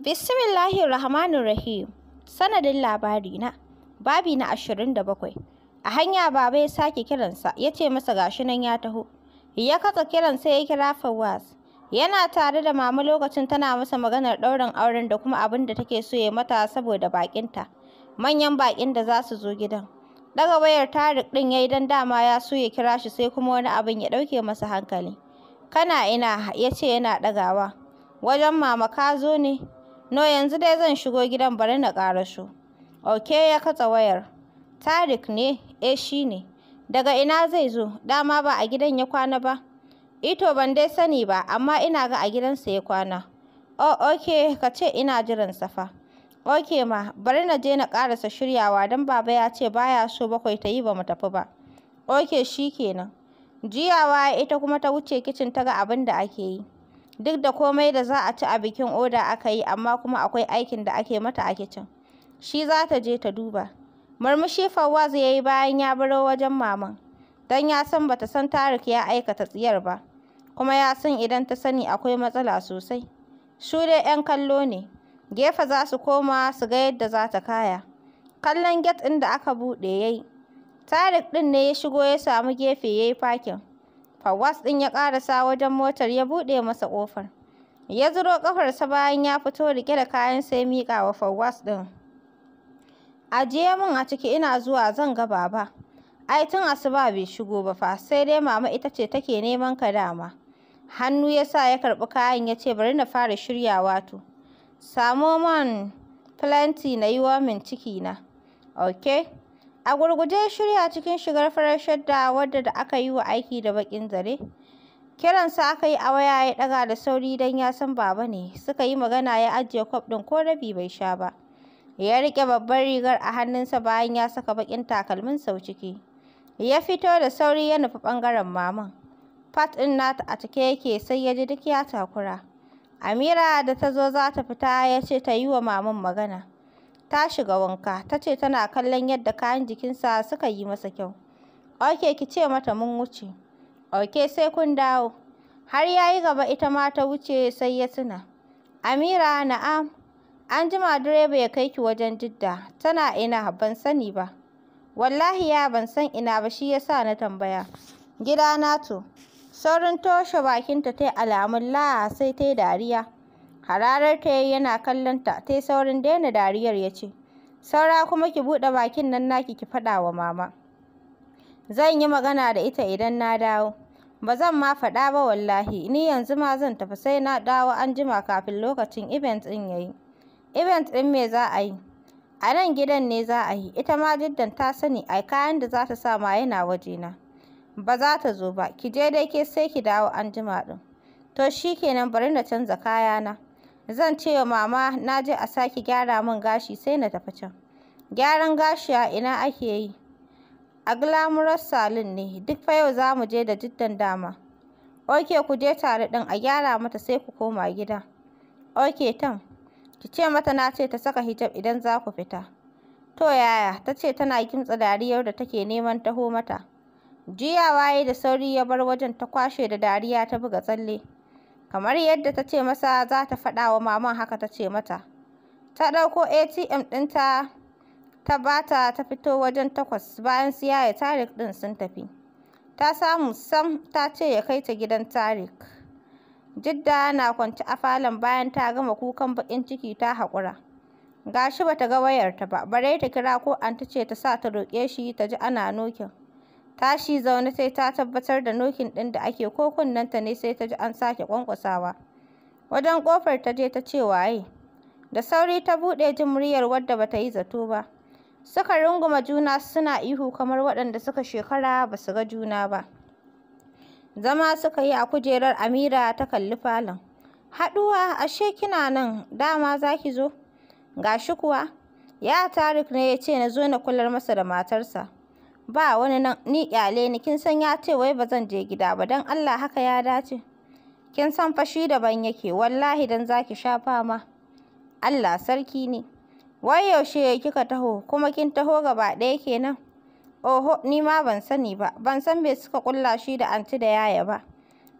Bismillahir Rahmanir Rahim. Sanadin labari na babi na 27. A hanya baba ya sake kiransa, ya ce masa gashi nan ya taho. Ya katsa kiran sai ya kira Fawaz. Yana tare da mama lokacin tana masa maganar ɗaurin auren da kuma abin da take so ya mata saboda bakinta. Manyan bakin da za su zo gidan. Daga wayar Tarik din yayi dan dama ya so ya kira shi sai kuma wani abin ya dauke masa hankali. Kana ina yace yana dagawa. Wajen mama ka zo ne? no yanzu dai zan shigo gidan bari na ƙara su. ok ya katsa wayar tarik ne eh shi ne daga ina zai zo dama ba a gidan ya kwana ba ito ban dai sani ba amma ina ga a gidansa ya kwana oh ok ka ce ina jiran safa ok ma bari na je na ƙarasa shiryawa don baba ya ce baya so bakwai ta yi ba mu tafi ba ok shi kenan jiyawa ita kuma ta wuce kicin ta ga abin da ake yi Duk da komai da za a ci a bikin oda aka yi, amma kuma akwai aikin da ake mata a kicin. Shi za ta je ta duba. Murmushi Fawaz ya yi bayan ya baro wajen maman. Don ya san bata san Tarik ya aikata tsiyar ba. Kuma ya san idan ta sani akwai matsala sosai. Su dai 'yan kallo ne. Gefe za su koma su ga yadda za ta kaya. Kallon get ɗin da aka buɗe ya yi. Tarik ɗin ne ya shigo ya samu gefe ya yi fakin. Fawaz ɗin ya ƙarasa wajen motar ya buɗe masa ƙofar. Ya zuro ƙafarsa bayan ya fito riƙe da kayan sai miƙa wa Fawaz ɗin. Ajiye min a ciki ina zuwa zan ga baba. Ai tun asuba bai shigo ba fa sai dai mama ita ce take neman ka dama. Hannu ya sa ya karɓi kayan ya ce bari na fara shirya wato. Samo man plenty na yi min ciki na. Okay. A gurguje shirya cikin shigar farar da wadda da aka yi wa aiki da bakin zare. Kiransa aka yi a waya ya ɗaga da sauri don ya san baba ne. Suka yi magana ya ajiye kwaf ɗin ko rabi bai sha ba. Ya rike babbar rigar a hannunsa bayan ya saka baƙin takalmin sau ciki. Ya fito da sauri ya nufi bangaren maman. Fat ɗin nata a cike yake sai ya ji duk ya takura. Amira da ta zo za ta fita ya ce ta yi wa maman magana. ta shiga wanka ta ce tana kallon yadda kayan jikinsa suka yi masa kyau ok ki ce mata mun wuce ok sai kun dawo har ya yi gaba ita ma ta wuce sai ya tuna amira na'am an jima direba ya kai ki wajen jidda tana ina ban sani ba wallahi ya ban san ina ba shi yasa na tambaya gida na to saurin toshe bakinta ta yi alamun la sai ta yi dariya Hararar ta yi yana kallon ta, ta yi saurin daina dariyar ya ce, Saura kuma ki buɗe bakin nan naki ki faɗa wa mama. Zan yi magana da ita idan na dawo. Ba zan ma faɗa ba wallahi, ni yanzu ma zan tafi sai na dawo an jima kafin lokacin event ɗin ya yi. Event ɗin me za a yi? A nan gidan ne za a yi, ita ma jiddan ta sani a kayan da za ta sa ma yana na. Ba za ta zo ba, ki je dai ke sai ki dawo an jima ɗin. To shi kenan bari na canza kayana. Zan ce wa mama na je a sake gyara min gashi sai na tafi can. Gyaran gashi a ina ake yi? A Glamorous Salon ne, duk fa yau za mu je da jiddan dama. Oke ku je tare ɗin a gyara mata sai ku koma gida. Oke tan, ki ce mata na ce ta saka hijab idan za ku fita. To yaya, ta ce tana kimtsa dariyar da take neman taho mata. Jiya waye da sauri ya bar wajen ta kwashe da dariya ta buga tsalle. kamar yadda ta ce masa za ta faɗa wa maman haka ta ce mata ta ɗauko atm ɗinta ta bata ta fito wajen takwas bayan siyaya tarik ɗin sun tafi ta samu sam ta ce ya kai ta gidan tarik jidda na kwance a falon bayan ta gama kukan bakin ciki ta haƙura gashi bata ga wayarta ba bare ta kira ko an ta ce ta sa ta roƙe shi ta ji ana nokin Tashi zaune sai ta tabbatar da nokin ɗin da ake ko kunnenta ne sai ta ji an sake kwankwasawa. Wajen ƙofar ta je ta ce waye. Da sauri ta buɗe jin muryar wadda bata yi zato ba. Suka runguma juna suna ihu kamar waɗanda suka shekara ba su ga juna ba. Zama suka yi a kujerar Amira ta kalli falon. Haɗuwa ashe kina nan dama za ki zo? Ga shi kuwa. Ya Tarik ne ya ce na zo na kular masa da matarsa. ba wani nan ni kyale ni kin san ya ce wai ba zan je gida ba dan Allah haka ya dace kin san fashi da ban yake wallahi dan zaki sha fama Allah sarki ne wai yaushe kika taho kuma kin taho gaba ɗaya kenan oho ni ma ban sani ba ban san me suka kulla shi da anti da yaya ba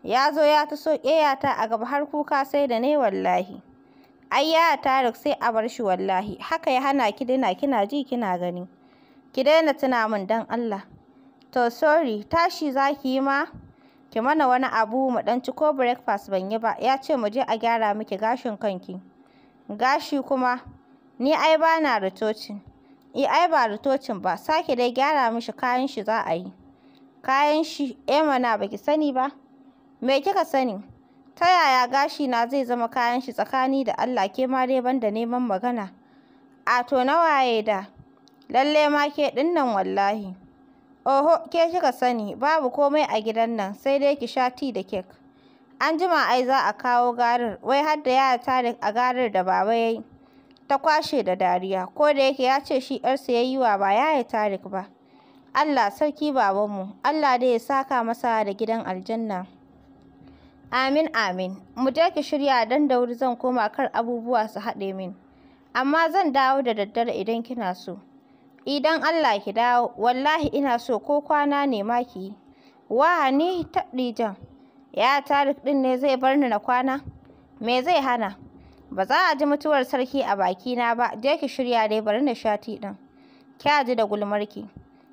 ya zo ya ta so ta a gaba har kuka sai da ne wallahi ai yaya tarik sai a bar shi wallahi haka ya hana ki dina kina ji kina gani ki daina tuna min don Allah to sorry tashi za ki yi ma ki mana wani abu mu ɗan ci ko breakfast ban yi ba ya ce mu je a gyara miki gashin kanki gashi kuma ni ai ba na ritocin i ai ba ritocin ba sake dai gyara mishi kayan shi za a yi kayan shi eh mana baki sani ba me kika sani ta yaya gashi na zai zama kayan shi tsakani da Allah ke ma dai banda neman magana a to na waye da Lalle ma ke ɗinnan wallahi. Oho, ke kika sani, babu komai a gidan nan, sai dai ki sha ti da kek. An jima ai za a kawo garar, wai har da yaya Tarik a garar da baba yayi Ta kwashe da dariya, ko da yake ya ce shi ‘yarsa sa yayi wa ba yaya Tarik ba. Allah sarki babanmu, Allah dai ya saka masa da gidan aljanna. Amin amin, mu je ki shirya dan da wuri zan koma kar abubuwa su haɗe min. Amma zan dawo da daddare idan kina so. idan Allah ki dawo, wallahi ina so ko kwana ne ma ki yi. Wa ni taɗijan, ya Tarik ɗin ne zai bar ni na kwana? Me zai hana? Ba za a ji mutuwar sarki a bakina ba, je ki shirya dai bari na sha ti ɗin. Kya ji da gulmarki.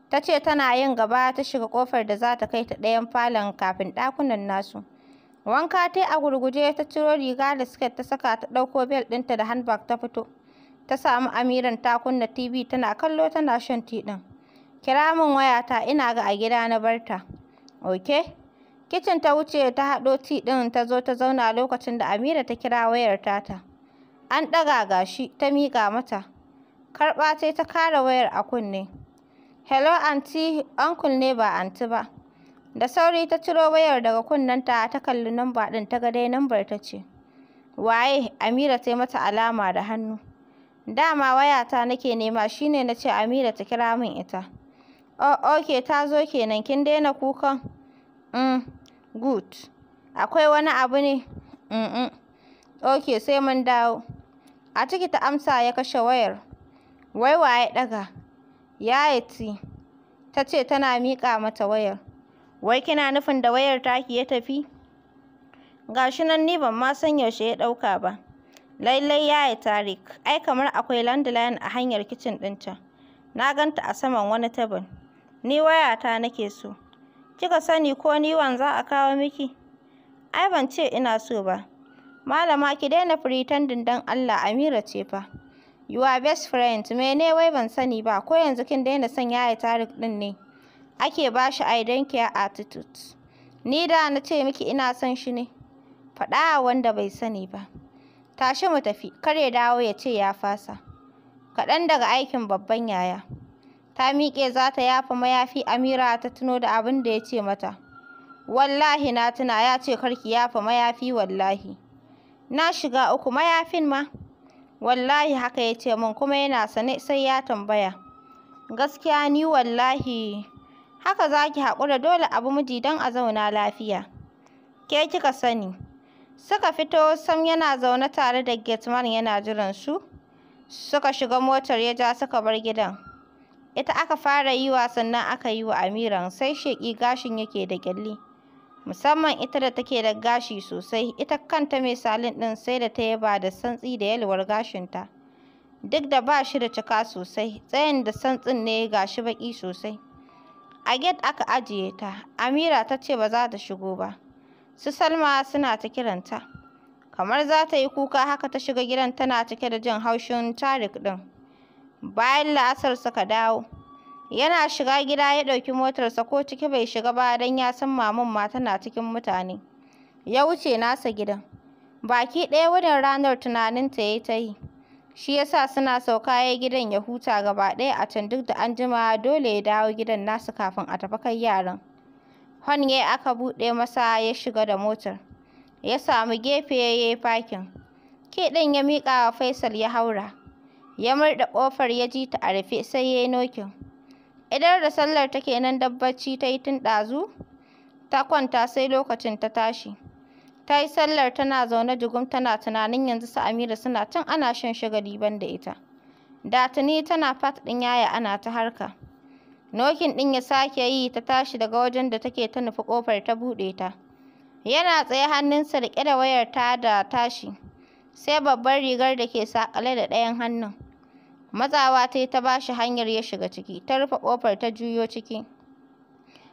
Ta ce tana yin gaba ta shiga ƙofar da za ta kai ta ɗayan falon kafin ɗakunan nasu. Wanka ta a gurguje ta ciro riga da siket ta saka ta ɗauko bel ɗinta da handbag ta fito. ta samu amiran ta kunna tv tana kallo tana shan ti ɗin kira min wayata ina ga a gida na barta okay. kicin ta wuce ta haɗo tea din ta zo ta zauna lokacin da amira ta kira wayar tata an daga gashi ta miƙa mata karɓa sai ta kare wayar a kunne hello Aunty, uncle ne ba anti ba da sauri ta ciro wayar daga kunnenta ta kalli namba ɗin ta ga dai number ta ce waye amira ta mata alama da hannu Dama wayata nake nema shine nace na Amira ta kira min ita. Oh, ok, ta zo kenan, kin daina kukan? Mm, good. Akwai wani abu ne? Mm -mm. sai mun dawo. A ciki ta amsa ya kashe wayar. Wai waye ɗaga? Yayati. Ta ce tana mika mata wayar. Wai kina nufin da wayar taki ya tafi? gashi shi nan ni ban ma san yaushe ya ɗauka ba. ya yi Tarik, ai kamar akwai landline a hanyar kicin ɗin can. Na ganta a saman wani tabin. Ni wayata nake so. Kika sani ko ni wan a kawo miki? Ai ban ce ina so ba. Malama ki daina pretending dan Allah Amira ce fa. Your best friend, mene wai ban sani ba, ko yanzu kin daina son yaya Tarik din ne. Ake ba shi I don't care attitude. Ni da na ce miki ina son shi ne. Faɗa wanda bai sani ba. tashi mu tafi kar ya dawo ya ce ya fasa kaɗan daga aikin babban yaya ta miƙe za ta yafa mayafi amira ta tuno da abin da ya ce mata wallahi na tuna ya ce kar ki yafa mayafi wallahi na shiga uku mayafin ma wallahi haka ya ce min kuma yana sane sai ya tambaya gaskiya ni wallahi haka za ki haƙura dole abu miji don a zauna lafiya ke kika sani Suka fito Sam yana zaune tare da gateman yana jiran su. Suka shiga motar ya ja suka bar gidan. Ita aka fara yi wa sannan aka yi wa Amiran sai sheƙi gashin yake da ƙyalli. Musamman ita da take da gashi sosai, ita kanta mai salin ɗin sai da ta yaba da santsi da yalwar gashinta. Duk da ba shi da cika sosai, tsayin da santsin ne ga shi baƙi sosai. A gate aka ajiye ta, Amira ta ce ba za ta shigo ba. su Salma suna ta kiranta. Kamar za ta yi kuka haka ta shiga gidan tana cike da jin haushin Tarik ɗin. Bayan la'asar suka dawo. Yana shiga gida ya ɗauki motarsa ko ciki bai shiga ba don ya san maman ma tana cikin mutane. Ya wuce nasa gidan. Baki ɗaya wurin ranar tunaninta ya yi ta yi. Shi ya sa suna sauka ya gidan ya huta gaba ɗaya a can duk da an jima dole ya dawo gidan nasu kafin a tafi kai yaran. Hon aka buɗe masa ya shiga da motar. Ya samu gefe ya yi fakin. ke ɗin ya miƙa wa Faisal ya haura. Ya murɗa ƙofar ya ji ta a rufe sai ya yi nokin. Idan da sallar take nan dabbaci ta yi tun ɗazu. Ta kwanta sai lokacin ta tashi. Ta yi sallar tana zaune jugum tana tunanin yanzu su Amira suna tun ana shan shagali ban da ita. Da tuni tana fat ɗin yaya ana ta harka. Nokin ɗin ya sake yi ta tashi daga wajen da take ta nufi ƙofar ta buɗe ta. Yana tsaye hannunsa riƙe da wayar ta da tashi, sai babbar rigar da ke saƙale da ɗayan hannun. Matsawa ta yi ta bashi hanyar ya shiga ciki, ta rufe ƙofar ta juyo ciki.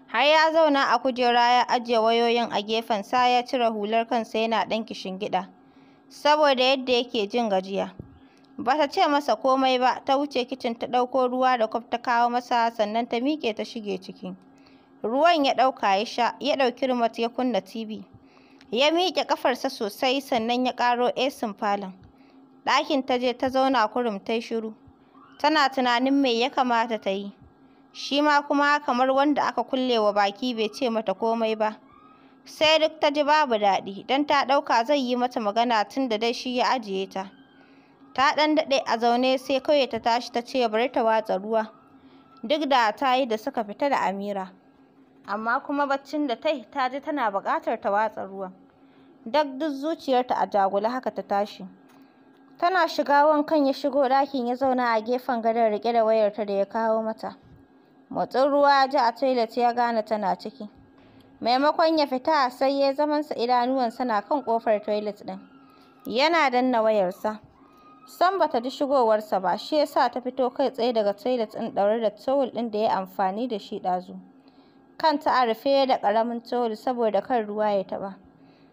Har ya zauna a kujera ya ajiye wayoyin a gefen sa ya cire hular kansa yana ɗan kishin gida, saboda yadda yake jin gajiya. ba ta ce masa komai ba ta wuce kicin ta ɗauko ruwa da kwaf ta kawo masa sannan ta miƙe ta shige ciki ruwan ya ɗauka ya sha ya ɗauki remote ya kunna tv ya miƙe ƙafarsa sosai sannan ya ƙaro esin falon ɗakin ta je ta zauna kurum ta shiru tana tunanin me ya kamata ta yi shi ma kuma kamar wanda aka kulle wa baki bai ce mata komai ba sai duk ta ji babu daɗi don ta ɗauka zai yi mata magana tun da dai shi ya ajiye ta Ta ɗan daɗe a zaune sai kawai ta tashi ta ce bari ta watsa ruwa. Duk da ta yi da suka fita da Amira. Amma kuma baccin da ta yi ta ji tana buƙatar ta watsa ruwa. Duk duk zuciyarta a jagula haka ta tashi. Tana shiga wankan ya shigo ɗakin ya zauna a gefen gadon riƙe da wayarta da ya kawo mata. Motsin ruwa ya ji a toilet ya gane tana ciki. Maimakon ya fita sai ya zamansa idanuwansa na kan ƙofar toilet ɗin. Yana danna wayarsa. San bata ji shigowarsa ba, shi yasa ta fito kai tsaye daga toilet ɗin ɗaure da towel ɗin da ya amfani da shi ɗazu. Kanta a rufe da ƙaramin towel saboda kan ruwa ya taɓa.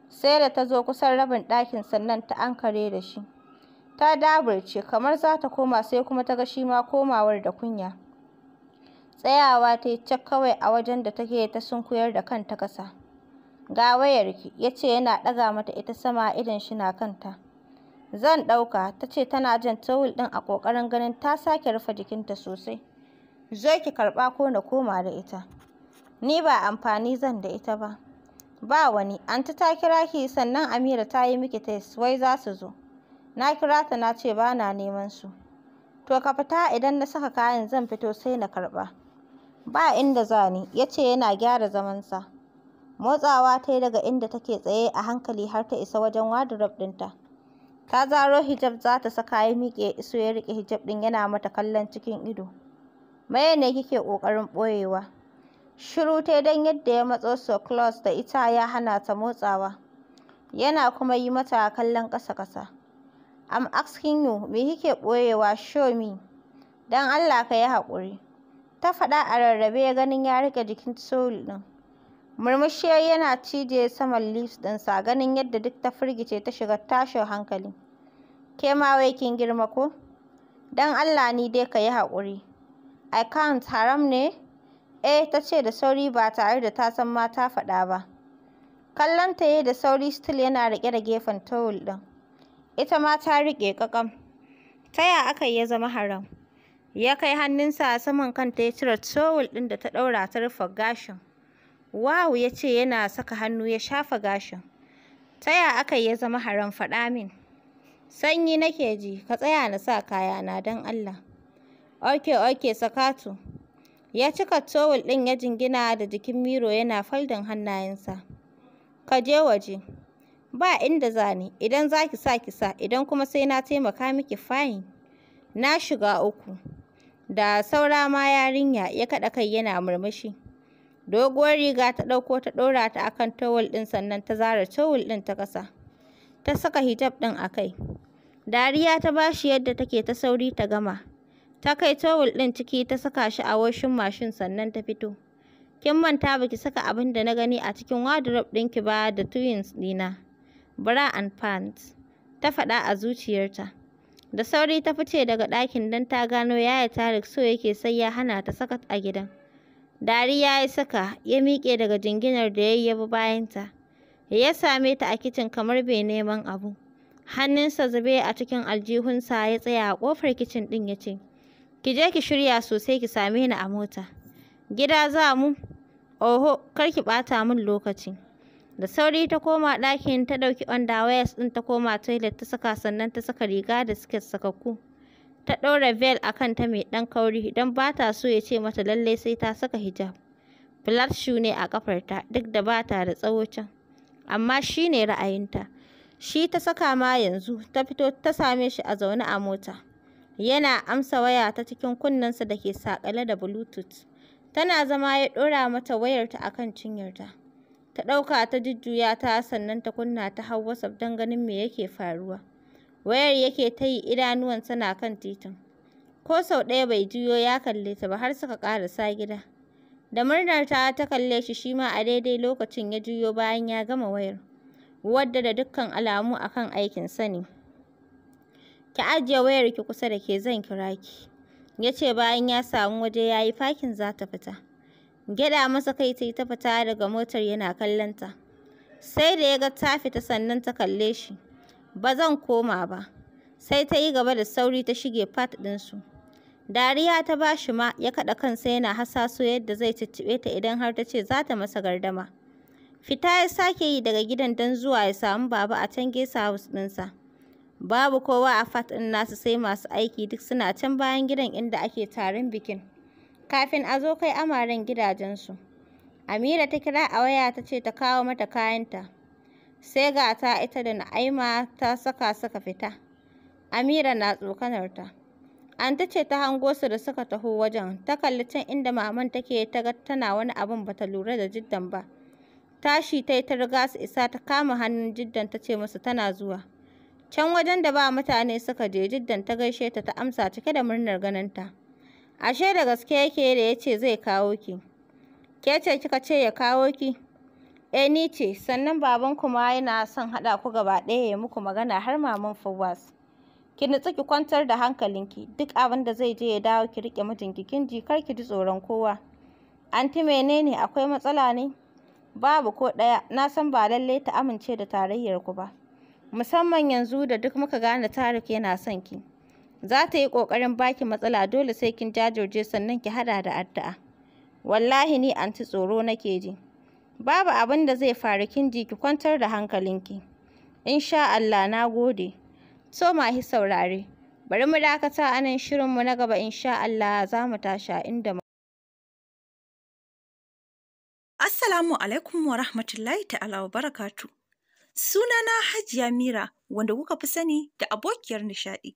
Sai da ta zo kusan rabin ɗakin sannan ta ankare da shi. Ta daburce kamar za ta koma sai kuma ta ga shi ma komawar da kunya. Tsayawa ta yi cak kawai a wajen da take ta sunkuyar da kanta ƙasa. Ga wayarki, ya ce yana ɗaga mata ita sama idan shi na kanta. Zan ɗauka, ta ce tana jin tawul ɗin a ƙoƙarin ganin ta sake rufe jikinta sosai. Zo ki karɓa ko na koma da ita. Ni ba amfani zan da ita ba. Ba wani, anti ta kira ki sannan Amira ta yi miki test wai za su zo. Na kira ta na ce ba na neman su. To ka fita idan na saka kayan zan fito sai na karɓa. Ba inda za ni, ya ce yana gyara zamansa. Motsawa ta yi daga inda take tsaye a hankali har ta isa wajen wardrobe ɗinta. ta zaro hijab za ta saka ya miƙe iso ya riƙe hijab ɗin yana mata kallon cikin ido maye ne kike ƙoƙarin ɓoyewa shiru ta don yadda ya matso so close da ita ya hana ta motsawa yana kuma yi mata kallon ƙasa-ƙasa Am asking you me kike ɓoyewa show me don Allah ka yi haƙuri ta faɗa a rarrabe ganin ya riƙe jikin Soul ɗin Murmushi yana cije saman lips ɗinsa ganin yadda duk ta firgice ta shiga tashin hankali. Ke ma wai kin girma ko? dan Allah ni dai ka yi haƙuri. I can't haram ne? Eh ta ce da sauri ba tare da ta san ma ta faɗa ba. Kallon ta yi da sauri still yana riƙe da gefen towel ɗin. Ita ma ta riƙe ƙaƙam. Ta ya aka ya zama haram? Ya kai hannunsa a saman kanta ya cire towel ɗin da ta ɗaura ta rufe gashin. Wow ya ce yana saka hannu ya shafa gashin. Ta ya aka ya zama haram faɗa min? Sanyi nake ji, ka tsaya na sa kayana don Allah. Oke oke sakatu. Ya cika towul ɗin ya jingina da jikin miro yana faldin hannayensa. Ka je waje. Ba inda zane, idan za ki sa ki sa, idan kuma sai na taimaka miki fayin. Na shiga uku. Da saura ma yarinya ya kaɗa kai yana murmushi. Doguwar riga ta ɗauko ta ɗora ta a kan towel ɗin sannan ta zara towel ɗin ta ƙasa. Ta saka hijab ɗin a kai. Dariya ta bashi shi yadda take ta sauri ta gama. Ta kai towel ɗin ciki ta saka shi a washin mashin sannan ta fito. Kin manta baki saka abin da na gani a cikin wardrobe ki ba da twins ɗina. Bra and pants. Ta faɗa a zuciyarta. Da sauri ta fice daga ɗakin don ta gano yaya Tarik so yake sai ya hana ta saka a gidan. Dariya ya saka, ya miƙe daga jinginar da ya yi bayanta. Ya same ta a kicin kamar bai neman abu. Hannunsa zube a cikin aljihunsa ya tsaya a ƙofar kicin ɗin ya ce, Ki je ki shirya sosai ki same ni a mota. Gida za mu? Oho, kar ki ɓata min lokaci. Da sauri ta koma ɗakin ta ɗauki underwears ɗin ta koma toilet ta saka sannan ta saka riga da suke sakakku. ta ɗora vel a kanta mai ɗan kauri don ba ta so ya ce mata lallai sai ta saka hijab. Flat shoe ne a ƙafarta duk da ba ta da tsawo can. Amma shi ne ra'ayinta. Shi ta saka ma yanzu ta fito ta same shi a zaune a mota. Yana amsa waya ta cikin kunnensa da ke saƙale da bluetooth. Tana zama ya ɗora mata wayarta a kan cinyarta. Ta ɗauka ta jujjuya ta sannan ta kunna ta hau WhatsApp don ganin me yake faruwa. Wayar yake ta yi idanuwansa na kan titin. Ko sau ɗaya bai juyo ya kalle ta ba har suka ƙarasa gida. Da murnar ta ta kalle shi shi ma a daidai lokacin ya juyo bayan ya gama wayar. Wadda da dukkan alamu a kan aikinsa ne. Ki ajiye wayar ki kusa da ke zan kira ki. Ya ce bayan ya samu waje ya yi fakin za ta fita. Gyaɗa masa kai ta yi ta fita daga motar yana kallonta. Sai da ya ga ta fita sannan ta kalle shi. Ba zan koma ba. Sai ta yi gaba da sauri ta shige fat ɗinsu. Dariya ta ba shi ma ya kaɗa kansa yana hasaso yadda zai cicciɓe ta idan har ta ce za ta masa gardama. Fita ya sake yi daga gidan don zuwa ya samu baba a can gesa house ɗinsa. Babu kowa a fat ɗin nasu sai masu aiki duk suna can bayan gidan inda ake tarin bikin. Kafin a zo kai amaren gidajensu. Amira ta kira a waya ta ce ta kawo mata kayanta. sai ga ta ita da na'ima ta saka suka fita amira na tsokanar ta anta ce ta hango su da suka taho wajen ta kalli can inda maman take ta ga tana wani abin bata lura da jiddan ba tashi ta yi ta riga su isa ta kama hannun jiddan ta ce musu tana zuwa can wajen da ba mutane suka je jiddan ta gaishe ta ta amsa cike da murnar ganinta ashe da gaske yake da ya ce zai kawo ki ke ce kika ce ya kawo ki Eh ni ce, sannan babanku ma yana son haɗa ku gaba ɗaya ya muku magana har maman Fawaz. Ki nutsu ki kwantar da hankalinki, duk abin da zai je ya dawo ki riƙe mijinki kin ji kar ki ji tsoron kowa. Anti menene akwai matsala ne? Babu ko ɗaya, na san ba lallai ta amince da tarayyar ku ba. Musamman yanzu da duk muka gane Tarik yana son ki. Za ta yi ƙoƙarin baki matsala dole sai kin jajirje sannan ki haɗa da addu'a. Wallahi ni anti tsoro nake ji. Babu abin da zai faru ji ki kwantar da hankalinki. Insha Allah na gode. To mahi saurare, bari mu dakata a nan shirinmu na gaba insha Allah za mu tashi a inda Assalamu alaikum wa rahmatullahi ta'ala wa barakatu. Sunana Hajiya Mira wanda kuka fi sani da abokiyar nishaɗi.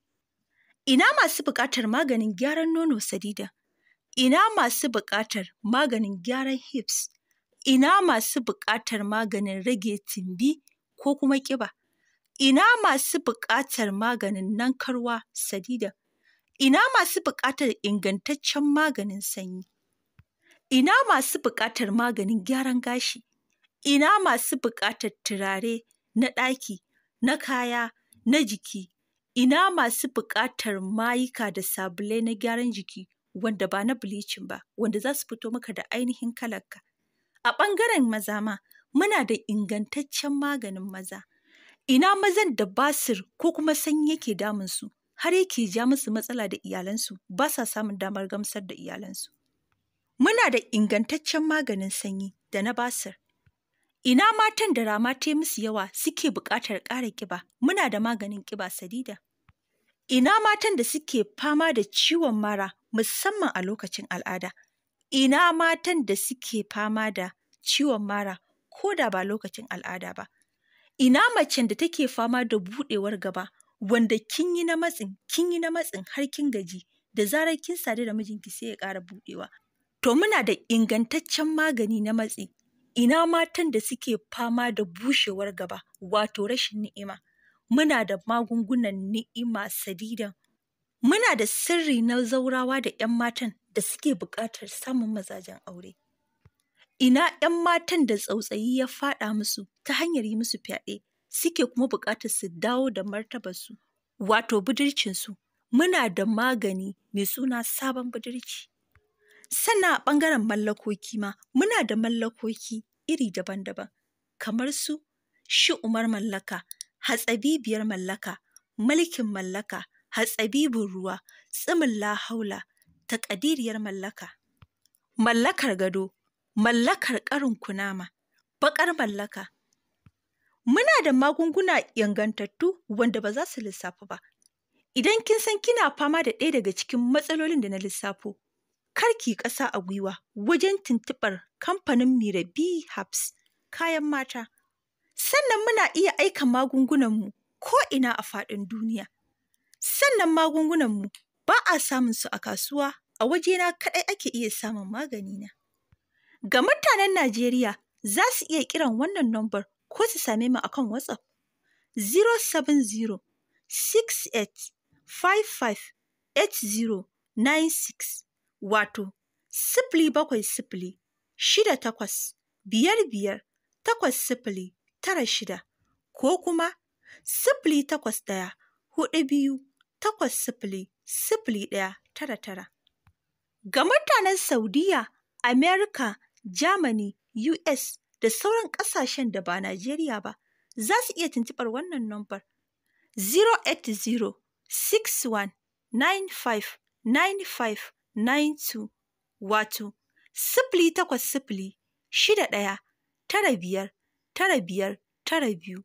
Ina masu buƙatar maganin gyaran nono sadida. Ina masu buƙatar maganin gyaran hips. ina masu buƙatar maganin rage tumbi ko kuma ƙiba, ina masu buƙatar maganin nankarwa sadida, ina masu buƙatar ingantaccen maganin sanyi, ina masu buƙatar maganin gyaran gashi, ina masu buƙatar turare na ɗaki, na kaya, na jiki, ina masu buƙatar mayuka da sabulai na gyaran jiki wanda ba na bilicin ba, wanda za su fito maka da ainihin kalarka. A ɓangaren maza ma, muna da ingantaccen maganin maza. Ina mazan da basir ko kuma sanyi yake damunsu, har yake ja musu matsala da iyalansu, ba sa samun damar gamsar da iyalansu. Muna da ingantaccen maganin sanyi da na basir. Ina matan da rama ta musu yawa suke buƙatar ƙara ƙiba, muna da maganin ƙiba sadida. Ina matan da suke fama da ciwon mara musamman a lokacin al'ada, Ina matan da suke fama da ciwon mara ko da ba lokacin al'ada ba? Ina macen da take fama da buɗewar gaba wanda kin yi na matsin, kin yi na matsin har kin gaji da zarar kin sadu da mijinki sai ya ƙara buɗewa. To muna da ingantaccen magani na matsi. Ina matan da suke fama da bushewar gaba wato rashin ni'ima. Muna da magungunan ni'ima sadidan. Muna da sirri na zaurawa da ‘yan matan da suke buƙatar samun mazajen aure. Ina ‘yan matan da tsautsayi ya faɗa musu ta hanyar yi musu fyaɗe suke kuma buƙatar su dawo da martabarsu, wato budurcinsu, muna da magani mai suna sabon budurci. Sannan a ɓangaren mallakoki ma, muna da mallakoki iri daban-daban, kamar su shi umar mallaka, hatsabibiyar mallaka, mulkin mallaka, hatsabibin ruwa, tsimin lahaula, ta ƙadiriyar mallaka. Mallakar gado, mallakar ƙarin kunama, baƙar mallaka. Muna da magunguna yangantattu wanda ba za su lissafu ba. Idan kin san kina fama da ɗaya daga cikin matsalolin da na lissafo, karki ƙasa a gwiwa wajen tuntuɓar kamfanin Mirabi Habs kayan mata. Sannan muna iya aika magungunanmu ko ina a faɗin duniya. Sannan magungunanmu ba a samun su a kasuwa, a wajena kaɗai ake iya samun magani na Ga mutanen Najeriya za su iya kiran wannan nombar ko su same mu akan WhatsApp 070 68 55 8096 wato sifili bakwai sifili shida takwas biyar biyar takwas sifili tara shida ko kuma sifili takwas ɗaya hudu biyu takwas sifili sifili ɗaya tara tara. Ga mutanen Saudiya, Amerika, Germany, US da sauran ƙasashen da ba Najeriya ba, za su iya tuntuɓar wannan nombar 080 61 95 95 92 wato sifili takwas sifili shida ɗaya tara biyar tara biyar tara biyu